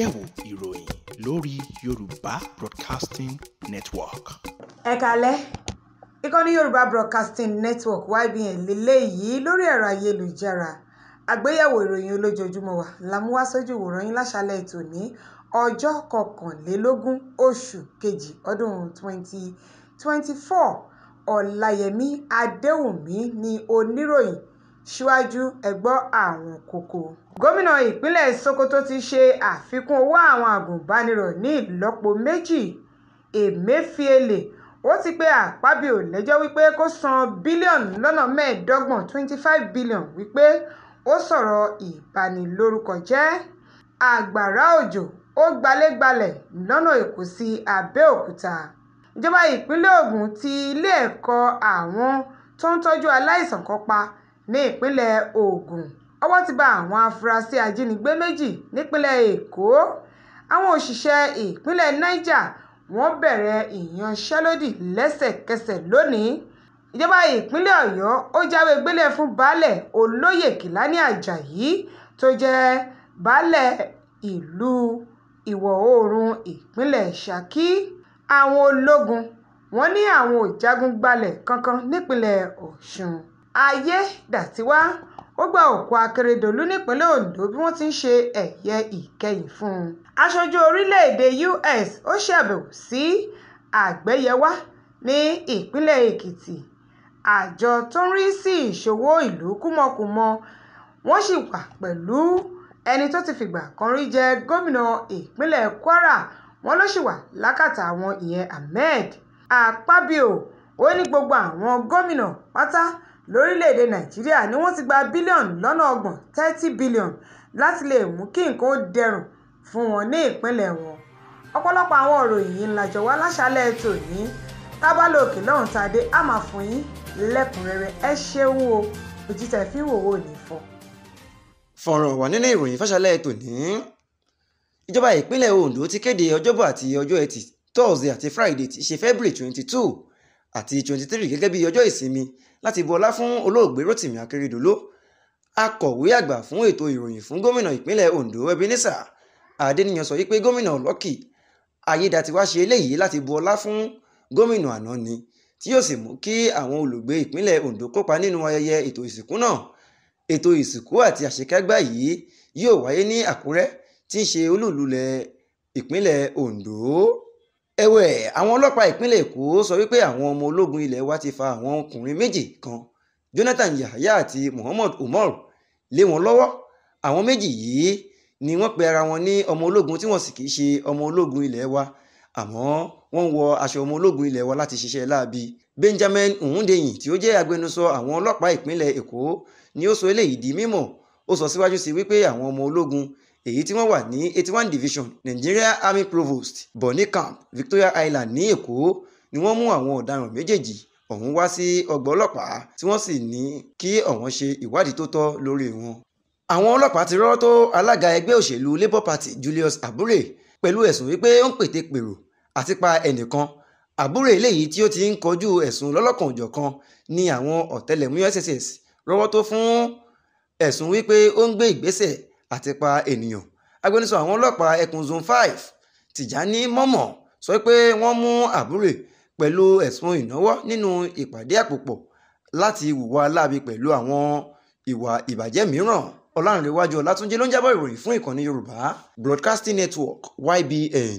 àgbéyẹ̀wò ìròyìn lórí Yorùbá Broadcasting Network. ẹ kalẹ́ ìkànnì Yorùbá Broadcasting Network YBN lélẹ́yìí lórí ẹ̀rọ ayélujára àgbéyẹ̀wò ìròyìn olójoojúmọ́ wa làmúwáṣojú ìwòran yín láṣálẹ̀ ètò ní ọjọ́ kọkànlélógún oṣù kejì ọdún twenty twenty four Ọláyẹmí Adéwùmí ni oníròyìn síwájú ẹ̀ gbọ́ àwọn kókó. gómìnà ìpínlẹ̀ sokoto ti ṣe àfikún owó àwọn agùnbánirọ̀ ní ìlọ́po méjì emefiele ó ti pe akpabio lẹ́jọ́ wípé kó san bílíọ̀nù lọ́nà mẹ́ẹ̀ẹ́dọ́gbọ̀n twenty five billion wípé ó sọ̀rọ̀ ìbanilórúkọjẹ́ àgbàrá òjò ó gbalẹ́gbalẹ̀ lọ́nà èkó sí abẹ́òkúta ìjọba ìpínlẹ̀ ògùn ti ilé ẹ̀kọ́ àwọn tó ń tọ́jú aláìsàn kan pa ní ìpínlẹ̀ Ògùn owó ti bá àwọn afurasí ajínigbé méjì nípínlẹ̀ Èkó àwọn òṣìṣẹ́ ìpínlẹ̀ Niger wọ́n bẹ̀rẹ̀ ìyanṣẹ́lódì lẹ́sẹ̀kẹsẹ̀ lónìí, ìjọba ìpínlẹ̀ Ọ̀yọ́ ò jáwé gbélé fún Baálẹ̀ Olóyè Kílání Àjàyí tó jẹ́ Baálẹ̀ ìlú Ìwọ̀-oòrùn ìpínlẹ̀ Ṣákì. Àwọn ológun wọ́n ní àwọn ò jagun gbalẹ̀ kankan nípínlẹ̀ Ọ̀ṣun ayédàtiwá ó gba òkú akérèdọ́lù nípínlẹ̀ ondo bí wọ́n ti ń ṣe ẹ̀yẹ ìkẹyìn fún un aṣojú orílẹ̀-èdè us ó ṣàbẹ̀wò sí àgbéyẹ̀wá ní ìpínlẹ̀ èkìtì àjọ tó ń rí sí ìṣòwò ìlú kùmọ̀kùmọ̀ wọ́n sì wà pẹ̀lú ẹni tó ti fìgbà kan rí jẹ́ gómìnà ìpínlẹ̀ kwara wọn ló sì wà lákàtà àwọn ìyẹn ahmed akpabio ó ní gbogbo àwọn gómìnà pátá lórílẹ̀‐èdè nàíjíríà ni wọ́n ti gba bílíọ̀nù lọ́nà ọgbọ̀n thirty billion láti lè mú kí nǹkan ó dẹrùn fún wọn ní ìpínlẹ̀ wọn ọ̀pọ̀lọpọ̀ àwọn ìròyìn yìí la jọ wá láṣálẹ́ tòní tá a bá lọ òkè lọ́hùn tá a dé á máa fún yín lẹ́kùnrẹ́rẹ́ ẹ ṣeun o ojú tẹ́ fi ń wò ó ní fọ́. fọ̀rọ̀ wà nínú ìròyìn fáṣálẹ́ tòní ìjọba ìpínlẹ̀ Ondo ti kéde ọjọ́bọ̀ àti ọjọ́ ẹtì Thursday àti Friday ti ṣe February twenty two àti twenty three gẹ́gẹ́ bí ọjọ́ ìsinmi láti bu ọlá fún olóògbé Rotimi Akeredolu akọ̀wé àgbà fún ètò ìròyìn fún gómìnà ìpínlẹ̀ Ondo Ebenezer Adéníyàn sọ wípé gómìnà Lucky Ayédatiwa ṣe eléyìí láti bu ọlá fún gómìnà àná ni tí yóò sì mú kí àwọn olùgbé ìpínlẹ̀ Ondo kópa nínú ayẹyẹ ètò ìsìnkú náà ètò ìsìnkú àti àṣekágbá yìí yóò wáyé ní Àkúrẹ́ tí í ṣe olúùlú ìpínlẹ̀ Ondo ẹ̀wẹ̀ àwọn ọlọ́pàá ìpínlẹ̀ èkó sọ wípé àwọn ọmọ ológun ilẹ̀ wa ti fa àwọn ọkùnrin méjì kan jonathan yahaya àti muhammad umar lé wọn lọ́wọ́ àwọn méjì yìí ni wọ́n pe ara wọn ní ọmọ ológun tí wọ́n sì kì í ṣe ọmọ ológun ilẹ̀ wa àmọ́ wọ́n wọ aṣọ ọmọ ológun ilẹ̀ wa láti ṣiṣẹ́ láabi benjamin hundeyin tí ó jẹ́ agbẹnusọ àwọn ọlọ́pàá ìpínlẹ̀ èkó ni ó sọ eléyìí di mímọ̀ ó sọ síwájú sí wípé àwọn ọmọ ológun èyí tí wọ́n wà ní eighty one division Nigeria Army Provost Bonny Camp Victoria Island ní Èkó ni wọ́n mú àwọn ọ̀daràn méjèèjì ọ̀hún wá sí ọgbà ọlọ́pàá tí wọ́n sì ní kí ọ̀wọ́n ṣe ìwádìí tó tọ́ lórí wọn. àwọn ọlọ́pàá ti rọ́wọ́ tó alága ẹgbẹ́ òṣèlú Labour Party Julius Abure pẹ̀lú ẹ̀sùn wípé ó ń pète pèrò àti pa ẹnìkan Abure eléyìí tí ó ti ń kojú ẹ̀sùn lọ́lọ́kan-ò-jọ̀kan ni àwọn ọ̀tẹlẹ̀múyẹ́ SSS rọ́wọ́ tó fún ẹ̀sùn wípé ó ń gbé ìgbésẹ̀ àti pa ènìyàn agbẹnusọ àwọn ọlọ́pàá ẹkùn zone five tìjání mọ́mọ́ sọ pé wọ́n mú àbúrè pẹ̀lú ẹ̀sùn ìnáwó nínú ìpàdé àpòpọ̀ láti hùwà láabi pẹ̀lú àwọn ìwà ìbàjẹ́ mìíràn ọlárìnrẹ̀wájú ọlátúnjẹ ló ń jábọ̀ ìròyìn fún ìkànnì yorùbá broadcasting network ybn.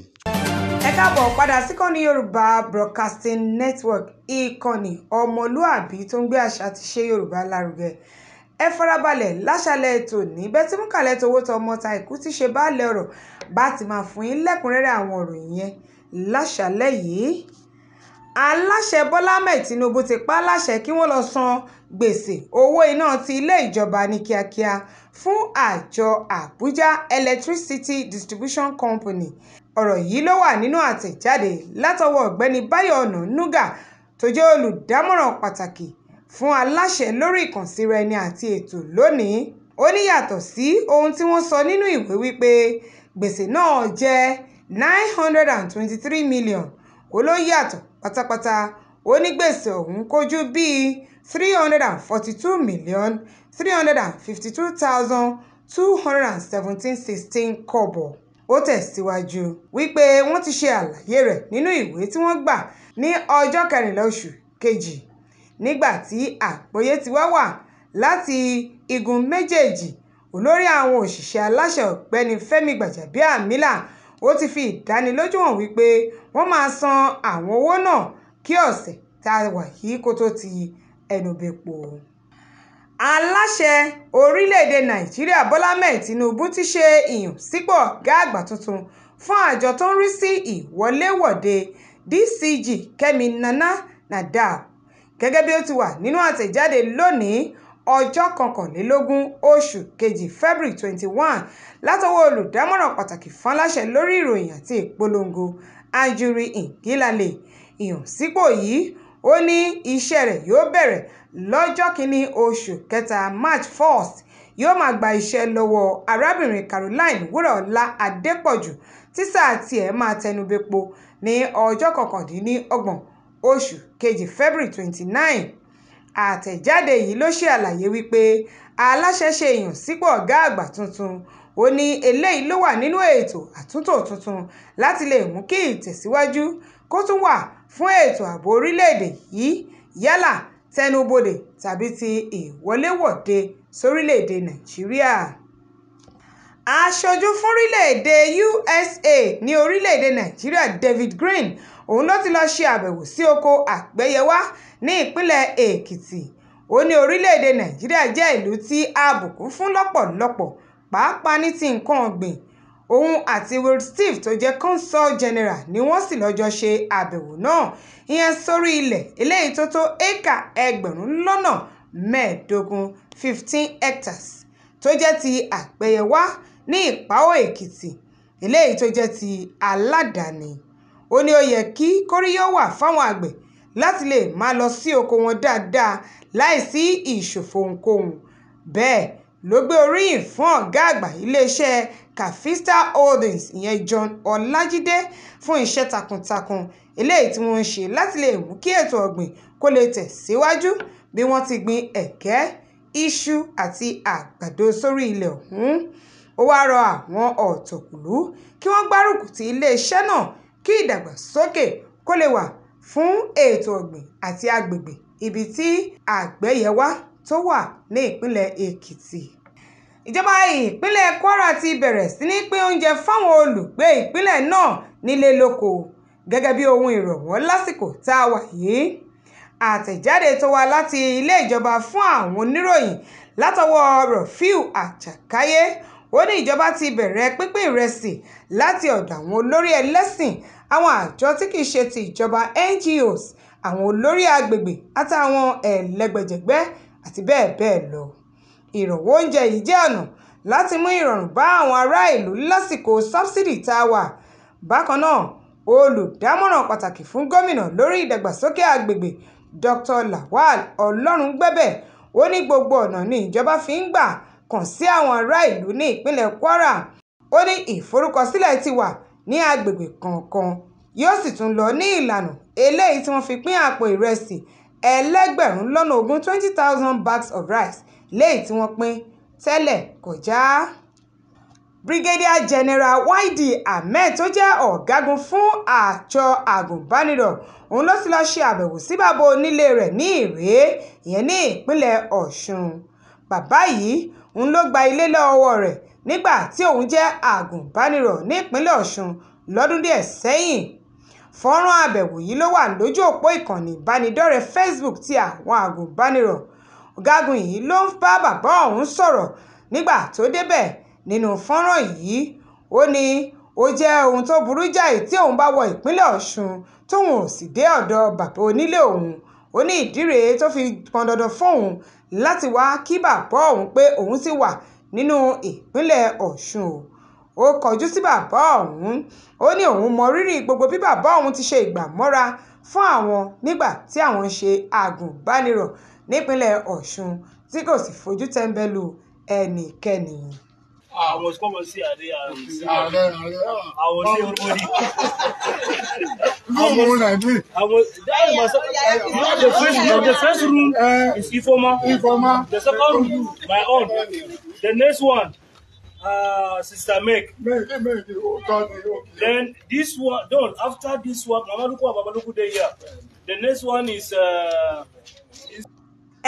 ẹ káàbọ̀ padà síkànnì yorùbá broadcasting network ìkànnì ọmọlúàbí tó ń gbé àṣà àti ṣe yorùbá lárugẹ ẹ farabalẹ̀ láṣàlẹ̀ ètò ní bẹ́tímúkàlẹ̀ towó tọmọ tàìkú tí ṣe baálé ọ̀rọ̀ bá ti máa fún yín lẹ́kùnrẹ́rẹ́ àwọn ọ̀rọ̀ yẹn láṣàlẹ̀ yìí aláṣẹ bọ́lá ahmed tinubu ti pa á láṣẹ kí wọ́n lọ san gbèsè owó iná ti ilé ìjọba ní kíákíá fún àjọ abuja electricity distribution company ọ̀rọ̀ yìí ló wà nínú àtẹ̀jáde látọwọ́ ọ̀gbẹ́ni báyọ̀ nuga tó jẹ́ olùdámọ̀ràn pàtàkì fún aláṣẹ lórí ìkànsíra-ẹni àti ètò lónìí, ó ní yàtọ̀ sí ohun tí wọ́n sọ nínú ìwé wípé gbèsè náà jẹ́ $923 million, ó ló yàtọ̀ pátápátá, ó ní gbèsè ọ̀hún kojú bíi two million three hundred hundred and fifty two two thousand $352,217.16 kọ́bọ̀. Ó tẹ̀síwájú wípé wọ́n ti ṣe àlàyé rẹ̀ nínú ìwé tí wọ́n gbà ní ọjọ́ 14 oṣù kejì nígbà tí àgbọ́yé ti wá wà láti igun méjèèjì olórí àwọn òṣìṣẹ́ aláṣẹ ọ̀gbẹ́ni fẹ́mi gbàjàbíàmílà ó ti fi ìdánilójú hàn wípé wọ́n máa san àwọn owó náà kí ọ̀sẹ̀ tá a wà yìí kó tó ti ẹnu bẹpo aláṣẹ orílẹ̀-èdè nàìjíríà bọ́lá mẹ́ẹ̀ tinubu ti ṣe ìyànsípò ọ̀gá àgbà tuntun fún àjọ tó ń rí sí ìwọléwọ̀de DCG kẹ́mi nana nadab gẹ́gẹ́ bí ó ti wà nínú àtẹ̀jáde lónìí ọjọ́ kọkànlélógún oṣù kejì february twenty one látọwọ́ olùdámọ̀ràn pàtàkì fáńláṣẹ lórí ìròyìn àti ìpolongo anjuri ngilale ìhànsípò yìí ó ní iṣẹ́ rẹ̀ yóò bẹ̀rẹ̀ lọ́jọ́ kínní oṣù kẹta march first yóò máa gba iṣẹ́ lọ́wọ́ arábìnrin caroline wúrọ̀ọ́lá adépọ̀jù tí sáà tiẹ̀ máa tẹnu bepo ní ọjọ́ kọkàndínlọ́gbọ̀n oṣù kejì february twenty nine àtẹ̀jáde yìí ló ṣe àlàyé wípé aláṣẹ ṣe ìyànsípò ọ̀gá àgbà tuntun ó ní eléyìí ló wà nínú ètò àtúntò tuntun láti lè mú kí ìtẹ̀síwájú kó tún wà fún ètò ààbò orílẹ̀-èdè yìí yálà tẹnubodè tàbí ti ìwọléwọ̀de sórílẹ̀-èdè nàìjíríà aṣojú fúnrílẹ̀-èdè USA ní orílẹ̀-èdè nàìjíríà David Green òun ló ti lọ ṣe àbẹ̀wò sí oko àgbéyẹwà ní ìpínlẹ̀ èkìtì ó ní orílẹ̀-èdè nàìjíríà jẹ́ ìlú tí a bùkún fún lọ́pọ̀lọpọ̀ pàápàá ní ti nǹkan ọ̀gbìn òun àti will steve tó jẹ́ consul general ni wọ́n sì lọ́jọ́ ṣe àbẹ̀wò náà ìyẹn sórí ilẹ̀ eléyìí tó tó éka ẹgbẹ̀rún lọ́nà mẹ́ẹ̀ẹ́dógún fifteen hectares tó jẹ́ ti àgbéyẹwà ní ìpáwọ̀ èkìtì eléyìí tó jẹ́ ti aládàáni ó ní ó yẹ kí kóríyá wà fáwọn àgbẹ̀ láti lè máa lọ sí oko wọn dáadáa láìsí ìṣòfò ohunkóhun bẹ́ẹ̀ ló gbé oríyìn fún ọ̀gá àgbà iléeṣẹ́ Cavista Holdings ìyẹn John Ọlájídé fún iṣẹ́ takuntakun eléyìí tí wọ́n ń ṣe láti lè mú kí ètò ọ̀gbìn kó lè tẹ̀ síwájú bí wọ́n ti gbin ẹ̀gẹ́ iṣu àti àgbàdo sórí ilẹ̀ ọ̀hún ó wáá rọ àwọn ọ̀tọ̀kùlú kí wọ́n gbárùkù ti iléeṣẹ́ náà kí ìdàgbàsókè kó lè wà fún ètò ọ̀gbìn àti agbègbè ibi tí àgbẹ̀yẹwà tó wà ní ìpínlẹ̀ Èkìtì. Ìjọba ìpínlẹ̀ Kwara ti bẹ̀rẹ̀ sí ní pín oúnjẹ fáwọn olùgbé ìpínlẹ̀ náà nílé lóko gẹ́gẹ́ bí ohun ìrọ̀wọ́ lásìkò tá a wà yìí. Àtẹ̀jáde tó wá láti ilé ìjọba fún àwọn oníròyìn látọwọ́ Rọ̀fíù Àjàkáyé ó ní ìjọba ti bẹ̀rẹ̀ pínpín ìrẹsì láti ọ̀dọ̀ àwọn olórí ẹlẹ́sìn àwọn àjọ tí kìí ṣe ti ìjọba NGOs àwọn olórí agbègbè àtàwọn ẹlẹ́gbẹ́jẹgbẹ́ àti bẹ́ẹ̀ bẹ́ẹ̀ lọ ìrọ̀wọ́ oúnjẹ yìí jẹ́ ọ̀nà láti mú ìrọ̀rùn bá àwọn ará ìlú lásìkò sọ́bsidì tá a wà bákan náà olùdámọ̀ràn pàtàkì fún gómìnà lórí ìdàgbàsókè agbègbè Dr Lawal Ọlọ́rungbẹ́bẹ̀ ó ní gbogbo ọ̀nà ni ìjọba fi ń gbà kàn sí àwọn ará ìlú ní ìpínlẹ̀ Kwara ó ní ìforúkọsílẹ̀ ti wà ní agbègbè kọ̀ọ̀kan yóò sì tún lọ ní ìlànà eléyìí tí wọ́n fi pín àpò ìrẹsì ẹgbẹ̀rún lọ́nà ogún twenty thousand bags of rice léyìí tí wọ́n pín tẹ́lẹ̀ kọjá. Brigadier General YD Ahmed tó jẹ́ ọ̀gágun fún àjọ agùnbánirọ̀ òun ló ti lọ ṣe àbẹ̀wò sí bàbá onílé rẹ̀ ní Ìrèé ìyẹn ní ìpínlẹ̀ Ọ̀ṣun. Bàbá yìí òun ló gba ilé lọ́wọ́ rẹ̀ nígbà tí òun jẹ́ àgùnbánirọ̀ nípínlẹ̀ ọ̀ṣun lọ́dún díẹ̀ sẹ́yìn fọ́nrán àbẹ̀wò yìí ló wà lójú òpó ìkànnì ìbánidọ́rẹ̀ẹ́ facebook ti àwọn àgùnbánirọ̀ ọ̀gágun yìí ló ń bá bàbá ọ̀hún sọ̀rọ̀ nígbà tó débẹ̀ nínú fọ́nrán yìí ó ní ó jẹ́ ohun tó burú jáì tí òun bá wọ ìpínlẹ̀ ọ̀ṣun tóun ò sì dé ọ̀dọ̀ bàbá onílé òun ó ní ìdí rèé tó fi pọn dandan fóun láti wá kí bàbá òun pé òun ti wà nínú ìpínlẹ̀ ọ̀ṣun ó kọjú sí bàbá òun ó ní òun mọrírì gbogbo bí bàbá òun ti ṣe ìgbàmọ́ra fún àwọn nígbà tí àwọn ń ṣe àgùnbánirọ̀ nípínlẹ̀ ọ̀ṣun tí kò sì fojú tẹ́ńbẹ́lú ẹnikẹ́ni Ah, I was come and see her there. I was see everybody. No more like me. I was that is my You Not the first room. The first room uh, is Ifoma. Ifoma. The second room, my own. The next one. Uh, Sister Meg. Meg, eh, Meg, Then this one, don't. After this one, Mama Luku, Baba Luku, they here. The next one is. Uh, is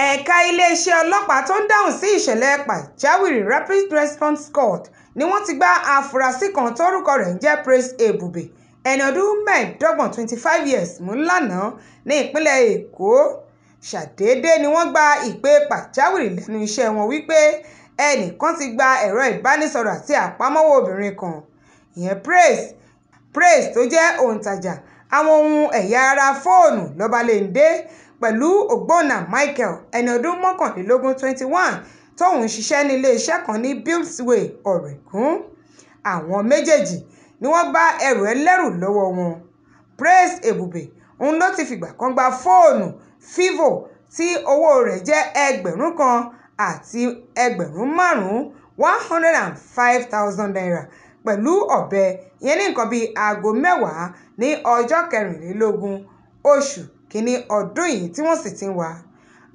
ẹ̀ka iléeṣẹ́ ọlọ́pàá tó ń dáhùn sí ìṣẹ̀lẹ̀ pàjáwìrì rapid response court. ni wọ́n ti gba àfúrásì kan tórúkọ rẹ̀ ń jẹ́ praise ebube ẹni ọdún mẹ́ẹ̀ẹ́dọ́gbọ̀n twenty five years mú lánàá ní ìpínlẹ̀ èkó ṣàdédé ni wọ́n gba ìpè pàjáwìrì lẹ́nu iṣẹ́ wọn wípé ẹnìkan ti gba ẹ̀rọ ìbánisọ̀rọ̀ àti àpamọ́wọ́ obìnrin kan ìyẹn praise praise tó jẹ́ òǹtajà àwọn ohun ẹ̀yà ara fóònù lọ́balẹ̀ǹdé pẹ̀lú Ogbonna Michael, ẹni ọdún mọ́kànlélógún (21) tóun ń ṣiṣẹ́ ní ilé-iṣẹ́ kan ní Beltway, Oregon. Àwọn méjèèjì ni wọ́n gba ẹrù ẹlẹ́rù lọ́wọ́ wọn. Praise Ebube òun ló ti fìgbà kan gba fóònù Vivo tí owóo rẹ̀ jẹ́ ẹgbẹ̀rún kan àti ẹgbẹ̀rún márùn-ún ($105,000) pẹ̀lú ọ̀bẹ, ìyẹn ní nǹkan bíi aago mẹ́wàá ní ọjọ́ kẹrìnlélógún, oṣù kínní ọdún yìí tí wọ́n sì ti wà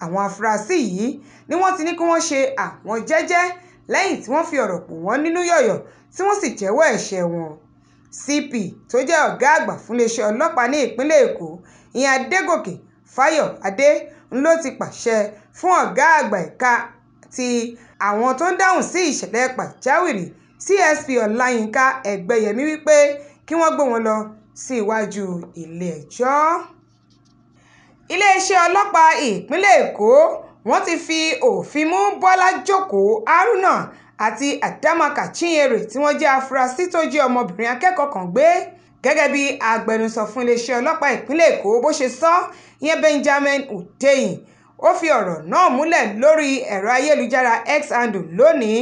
àwọn afurasí yìí ni wọ́n ti ní kí wọ́n ṣe àwọn jẹ́jẹ́ lẹ́yìn tí wọ́n fi ọ̀rọ̀ pò wọ́n nínú yọ̀yọ̀ tí wọ́n sì jẹ́wọ́ ẹ̀ṣẹ̀ wọn cp tó jẹ́ ọ̀gá àgbà fún iléeṣẹ́ ọlọ́pàá ní ìpínlẹ̀ èkó ìyẹn adégòkè fáyọ̀ adé ló ti pàṣẹ fún ọ̀gá àgbà ẹ̀ka ti àwọn tó ń dáhùn sí ìṣẹ̀lẹ̀ pàjáwìrì csp ọláyínká ẹgbẹ́yẹmí wípé kí wọ́n gbé wọn lọ sí iwájú ilé-ẹjọ́ iléeṣẹ́ ọlọ́pàá ìpínlẹ̀ èkó wọ́n ti fi òfin mú bọ́lá jókòó haruna àti adamaka chinyere tí wọ́n jẹ́ afurasí tó jí ọmọbìnrin akẹ́kọ̀ọ́ kan gbé gẹ́gẹ́ bí agbẹnusọ fún iléeṣẹ́ ọlọ́pàá ìpínlẹ̀ èkó bó ṣe sọ ìyẹn benjamin hundeyin ó fi ọ̀rọ̀ náà múlẹ̀ lórí ẹ̀rọ ayélujára x handle lónìí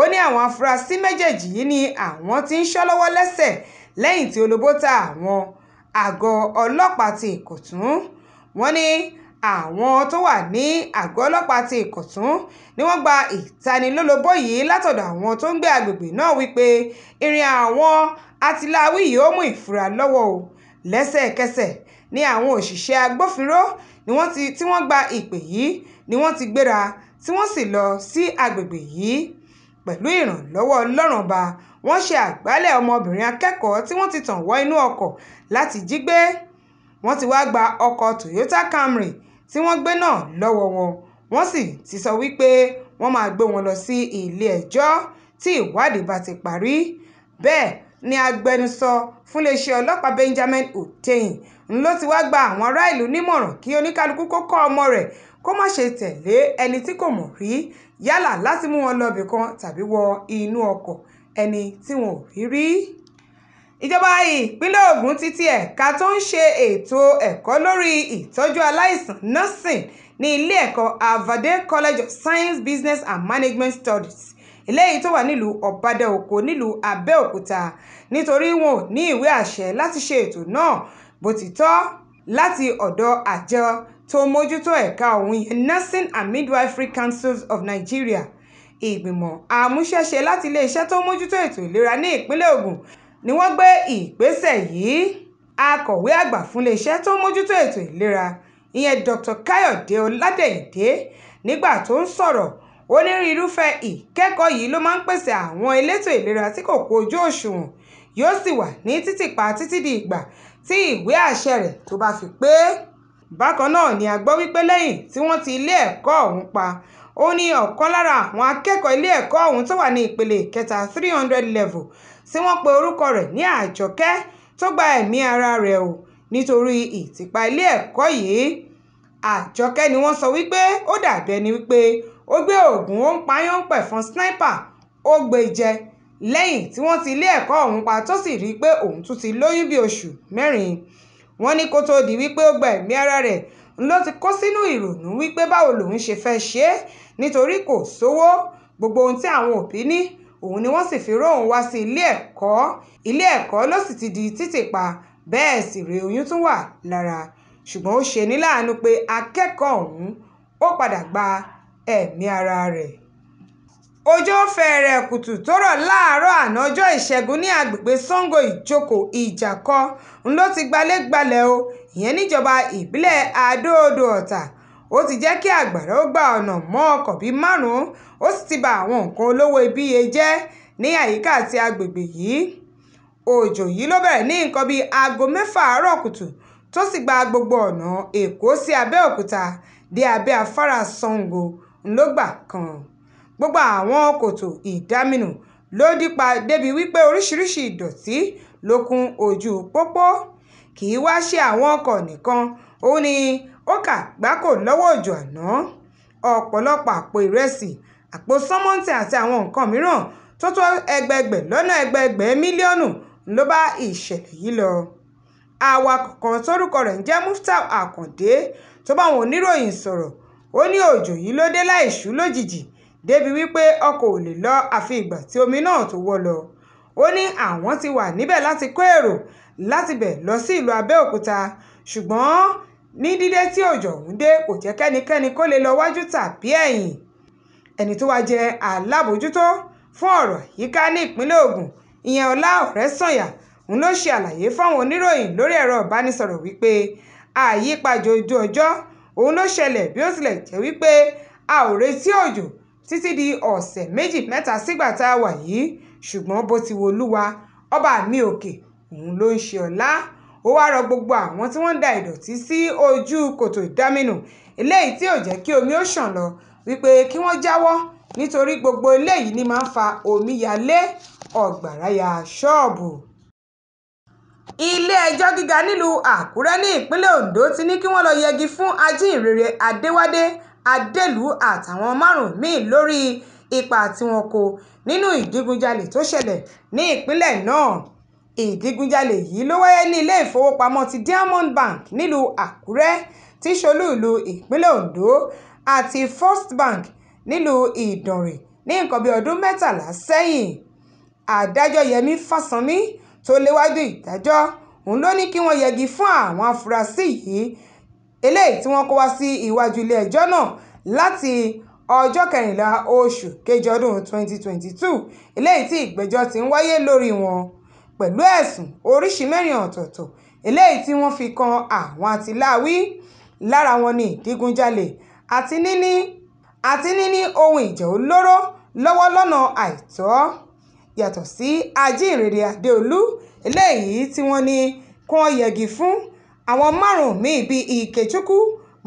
ó ní àwọn afurasí méjèèjì yìí ni àwọn ti ń ṣọ́ lọ́wọ́ lẹ́sẹ̀ lẹ́yìn tí olobó ta àwọn àgọ́ ọlọ́pàá ti ìkọ̀tún wọ́n ní àwọn tó wà ní àgọ́ ọlọ́pàá ti ìkọ̀tún ni wọ́n gba ìtanilólobó yìí látọ̀dọ̀ àwọn tó ń gbé agbègbè náà wípé ìrìn àwọn atiláwí yìí ó mú ìfura lọ́wọ́ o lẹ́sẹ̀kẹsẹ̀ ni àwọn òṣìṣẹ́ agbófinró tí wọ́n gba ìpè yìí ni wọ́n ti gbéra tí wọ́n sì lọ sí agbègbè yìí pẹ̀lú ìrànlọ́wọ́ ọlọ́run ọba wọ́n ṣe àgbálẹ̀ ọmọbìnrin akẹ́kọ̀ọ́ tí wọ́n ti tàn wọ inú ọkọ̀ láti jí gbé wọ́n ti wáá gba ọkọ̀ toyota camry tí wọ́n gbé náà lọ́wọ́ wọn wọ́n sì ti sọ wípé wọ́n máa gbé wọn lọ sí ilé-ẹjọ́ tí ìwádìí bá ti parí bẹ́ẹ̀ ni agbẹnusọ fúnléeṣẹ́ ọlọ́pàá benjamin hundeyin ń ló ti wáá gba àwọn ará ìlú nímọ̀ràn kí oníkálukú kó kọ́ ọmọ rẹ̀ kó má ṣe tẹ̀lé ẹni tí kò mọ̀ rí yálà láti mú wọn lọ ibìkan tàbí wọ inú ọkọ̀ ẹni tí wọn ò rí rí ìjọba ìpínlẹ̀ Ògùn ti ti ẹ̀ka tó ń ṣe ètò ẹ̀kọ́ lórí ìtọ́jú aláìsàn nursing ní ilé ẹ̀kọ́ Harvardar College of Science Business and Management Studies eléyìí tó wà nílùú Ọbàdàòkò nílùú Abẹ́òkúta nítorí wọn ò ní ìwé àṣẹ láti ṣe ètò náà bó ti tọ́ láti ọ̀dọ̀ àjọ tó ń mójútó ẹ̀ka ọ̀hún yẹn Nursing and Midwifery Councils of Nigeria ìgbìmọ̀ àmúṣẹ́ṣe láti iléeṣẹ́ tó ń mójútó ètò ìlera ní ìpínlẹ̀ Ògùn ni wọ́n gbé ìgbésẹ̀ yìí akọ̀wé àgbà fún iléeṣẹ́ tó ń mójútó ètò ìlera ìyẹn dr káyọ̀dé ọládẹ́yìndé nígbà tó ń sọ̀rọ̀ ó ní irúfẹ́ ìkẹ́kọ̀ọ́ yìí ló máa ń pèsè àwọn elétò ìlera tí kò kú ojú òṣùwọ̀n yóò sì wà ní títìpa títí di ìgbà tí ìwé àṣẹ rẹ̀ tó bá fi pé bákan náà ni a gbọ́ wípé lẹ́yìn tí wọ́n ti ilé ẹ̀kọ́ ọ̀hún pa ó ní ọ̀kan lára àwọn akẹ́kọ̀ọ́ ilé ẹ̀kọ́ ọ̀hún tó wà ní ìpele ìkẹta three hundred level tí wọ́n pe orúkọ rẹ̀ ní àjọkẹ́ tó gba ẹ̀mí ara rẹ̀ o nítorí ìtìpa ilé ẹ̀kọ́ yìí àjọkẹ́ ni wọ́n sọ wípé ó dàbí ẹni wípé ó gbé oògùn ó ń payán pẹ̀fọn sniper ó gbé jẹ lẹ́yìn tí wọ́n ti ilé ẹ̀kọ́ ọ̀hún pa tó sì rí i pé òun tún ti lóyún bí oṣù mẹ́rin wọ́n ní kó tóó di wípé ó gba ẹ̀mí ara rẹ̀ ló ti kó sínú ìrònú wípé báwo lòun ṣe fẹ́ ṣe é nítorí kò sówó gbogbo ohun tí àwọn òbí ní òun ni wọ́n sì fi ró òun wá sí ilé ẹ̀kọ́ ilé ẹ̀kọ́ ló sì ti di títì pa bẹ́ẹ̀ sì rè oyún tún wà lára ṣùgbọ́n ó ṣe ní láàánú pé akẹ́kọ̀ọ́ ọ̀hún ó padà gba ẹ̀mí ara rẹ̀ ọjọ́ fẹ̀rẹ̀ kùtù tó rọ̀ láàárọ̀ àná ọjọ́ ìṣẹ́gun ní agbègbè sango ìjoko ìjàkọ ńlọ ti gbalẹ̀ gbalẹ̀ o ìyẹn níjọba ìbílẹ̀ adó ọ̀tà ó ti jẹ́ kí àgbàrá ó gba ọ̀nà mọ́ ọkọ̀ bíi márùn-ún ó sì ti ba àwọn nǹkan olówó iyebíye jẹ́ ní àyíká àti agbègbè yìí òjò yìí ló bẹ̀rẹ̀ ní nǹkan bíi aago mẹ́fà àárọ̀ kùtù tó sì gba gbogbo ọ̀nà èkó sí abẹ́òkúta dé abẹ́ afárá sango ńlọgbà kan gbogbo àwọn kòtò ìdáminù ló dípa débi wípé oríṣiríṣi ìdọ̀tí ló ojú pópó kì í wá ṣe àwọn ọkọ̀ nìkan ó ní ó kà gbáko lọ́wọ́ òjò àná ọ̀pọ̀lọpọ̀ àpò ìrẹsì àpò sọ́mọ́ǹtì àti àwọn nǹkan mìíràn tó tó ẹgbẹgbẹ̀ lọ́nà ẹgbẹgbẹ̀ mílíọ̀nù ló bá ìṣẹ̀lẹ̀ yìí lọ awakọ̀ kan tórúkọ rẹ̀ ń jẹ́ Muftau Akande tó bá àwọn oníròyìn sọ̀rọ̀ ó ní òjò yìí ló dé láìṣú lójijì débi wípé ọkọ̀ ò lè lọ àfi ìgbà tí omi náà tó wọ́ lọ ó ní àwọn ti wà níbẹ̀ láti kó èrò láti bẹ̀ lọ sí ìlú Abẹ́òkúta ṣùgbọ́n ní dídé tí òjò ọ̀hún dé kò jẹ́ kẹ́nikẹ́ni kó lè lọ wájú tàbí ẹ̀yìn ẹni tó wá jẹ́ alábòójútó fún ọ̀rọ̀ yíká ní ìpínlẹ̀ Ògùn ìyẹn Ọlá Ọ̀rẹ́sànyà òun ló ṣe àlàyé fáwọn oníròyìn lórí ẹ̀rọ ìbánisọ̀rọ̀ wípé àyípadà ojú ọjọ́ òun ló ṣẹlẹ̀ bí ó tilẹ̀ jẹ́ wípé a ò retí òjò títí di ọ̀sẹ̀ méjì mẹ́ta sígbà tá a wà yìí ṣùgbọ́n bó ti wo Olúwa ọba mi òkè òun ló ń ṣe ọlá ó wáá rọ gbogbo àwọn tí wọ́n ń da ìdọ̀tí sí ojú kòtò ìdáminù eléyìí tí ò jẹ́ kí omi ó ṣàn lọ wípé kí wọ́n jáwọ́ nítorí gbogbo eléyìí ni máa ń fa omíyalé ọ̀gbàráyà ṣọ́ọ̀bù ilé-ẹjọ́ gíga nílùú àkúrẹ́ ní ìpínlẹ̀ ondo ti ní kí wọ́n lọ yẹgi fún ajíhìnrere adéwádé adélùú àtàwọn márùn-ún míì lórí ipa tí wọ́n kó nínú ìdígunjalè tó ṣẹlẹ̀ ní ìpínlẹ̀ náà ìdígunjalè yìí ló wáyé ní ilé ìfowópamọ́ ti diamond bank nílùú àkúrẹ́ tí í ṣolú ìlú ìpínlẹ̀ ondo àti first bank nílùú ìdànrè ní nǹkan bíi ọdún mẹ́tàlá sẹ́yìn adájọ́ yẹmi fásánmi tó léwájú ìdájọ́ òun ló ní kí wọ́n yẹgi fún àwọn afurasí yìí eléyìí tí wọ́n kó wá sí iwájú ilé ẹjọ́ náà láti ọjọ́ kẹrìnlá oṣù kejì ọdún 2022 eléyìí tí ìgbẹ́jọ́ ti ń wáyé lórí wọn pẹ̀lú ẹ̀sùn oríṣìí mẹ́rin ọ̀tọ̀ọ̀tọ̀ eléyìí tí wọ́n fi kan àwọn àtìláàwí lára wọn ni ìdígunjalè àti níní àti níní ohun ìjà olóró lọ́wọ́ lọ́nà àìtọ́ yàtọ̀ sí ajínrere adéolú eléyìí tí wọ́n ní kí wọ́n yẹgi fún àwọn márùn-ún míì bíi ikechukwu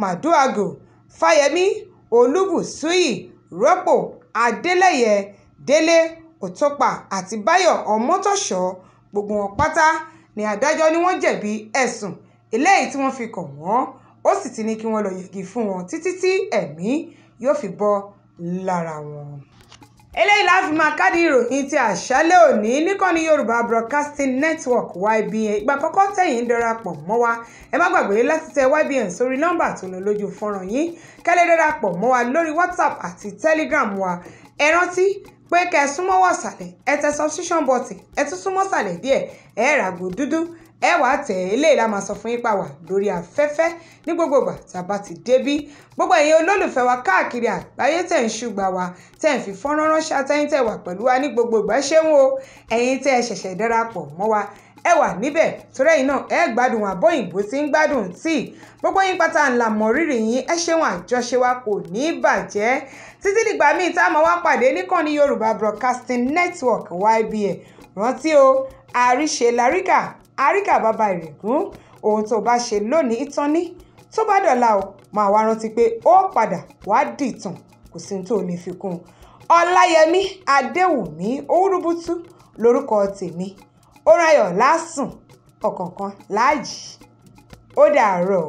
maduago fáyemí olúbùsúyì rọ́pò adélẹ́yẹ délé òtọ́pà àti báyọ̀ ọmọ́tòṣọ́ gbogbo wọn pátá ni adájọ́ ni wọ́n jẹ̀bi ẹ̀sùn eléyìí tí wọ́n fi kàn wọ́n ó sì ti ní kí wọ́n lọ yẹgi fún wọn títí tí ẹ̀mí yóò fi bọ́ lára wọn. eléyìí la fi máa kádìí ìròyìn ti àṣálẹ́ òní níkànnì yorùbá broadcasting network ybn ìgbà àkọ́kọ́ tẹ̀yin ń darapọ̀ mọ́ wa ẹ má gbàgbé láti tẹ ybn sórí nọ́mbà tó lọ lójú fọ́nrán yín kẹ́lẹ́ darapọ̀ mọ́ wa lórí whatsapp àti telegram wa ẹ rántí pé kẹ́ ẹ súnmọ́ wọ̀ sàlẹ̀ ẹ tẹ substitution button ẹ tún súnmọ́ sàlẹ̀ díẹ̀ ẹ ràgò dúdú ẹ wà á tẹ̀ eléyìí la máa sọ fún yípa wà lórí afẹ́fẹ́ ní gbogbo ìgbà tá a bá ti débí gbogbo ẹ̀yin olólùfẹ́ wa káàkiri àgbáyé tẹ̀ ń ṣùgbà wa tẹ̀ ń fi fọ́nrán ránṣẹ́ àtẹ̀yìn tẹ̀ wà pẹ̀lú wa ní gbogbo ìgbà ṣéun o ẹ̀yin tẹ́ ẹ ṣẹ̀ṣẹ̀ darapọ̀ mọ́ wa ẹ wà níbẹ̀ torí ẹ̀yin náà ẹ gbádùn àbọ̀ òyìnbó tí ń gbádùn tíì gbogbo yín pátá ńlá mọ̀ rírì yín ẹ ṣeun àjọṣe wa kò ní bàjẹ́ títí dìgbà míì tá a máa wá pàdé níkànnì Yorùbá Broadcasting Network YBN rántí o àríṣe láríkà àríkà bàbá ìrègùn ohun tó bá ṣe lónìí ìtọ́ni tó bá dọ̀la o máa wá rántí pé ó padà wá dìtàn kò sí tó lè fi kún un ọláyẹmí adéwùmí òwúrúbútú lórúkọ tèmi ó ráyọ̀ lásùn ọ̀kọ̀ọ̀kan láàjì ó dàárọ̀.